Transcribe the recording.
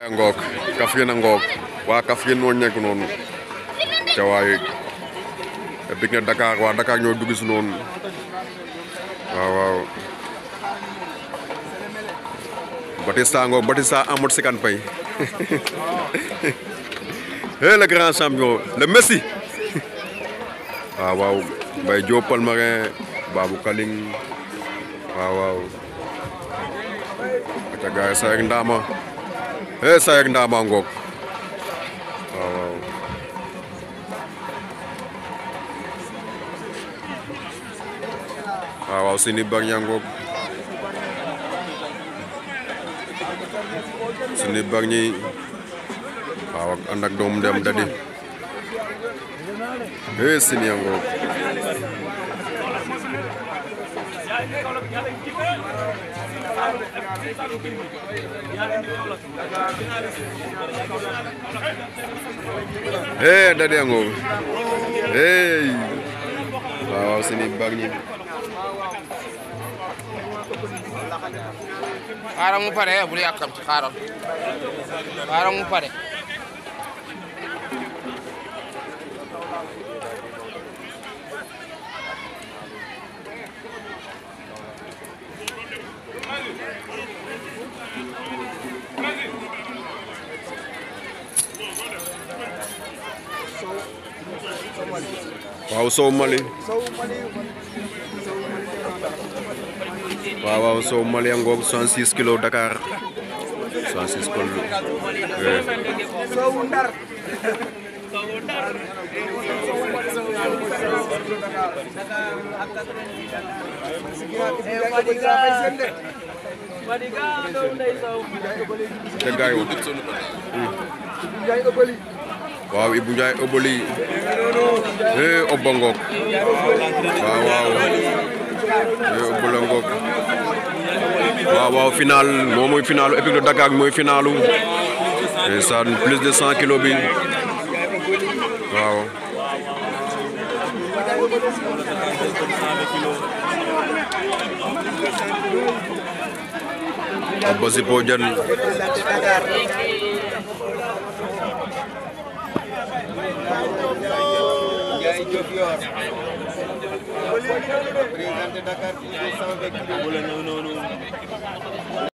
ngok kafien ngok wa kafien Kaffrine ñoo nekk noonu ca wa big na Dakar waa Dakar ñoo dugg Batista ngok Batista Amadou sekan pay he le grand champion le Messi wa wa Mbaye Diop Palmarin babu Kaling wa wa aca gaay sa he eh, saya kena bangkok. awal sini bang yang sini bang ni awak anak dom dem tadi sini yang Eh, dia ngom. Hey. wow sini bag Karang Xaaral mu pare, bu yakam ci parah. mu waaw sow Mali waaw waaw sow Mali a ngoog 66 kilo Dakar 66 kilo sow Ndar का voter te waaw Ibou Ndiaye Oboli eh Obbo Ngok waaw waaw eh Obolo Ngok waaw waaw final moom mooy finalu épique de mooy finalu et ça plus de 100 kilos bi waaw. Abba si Bodian. président de Dakar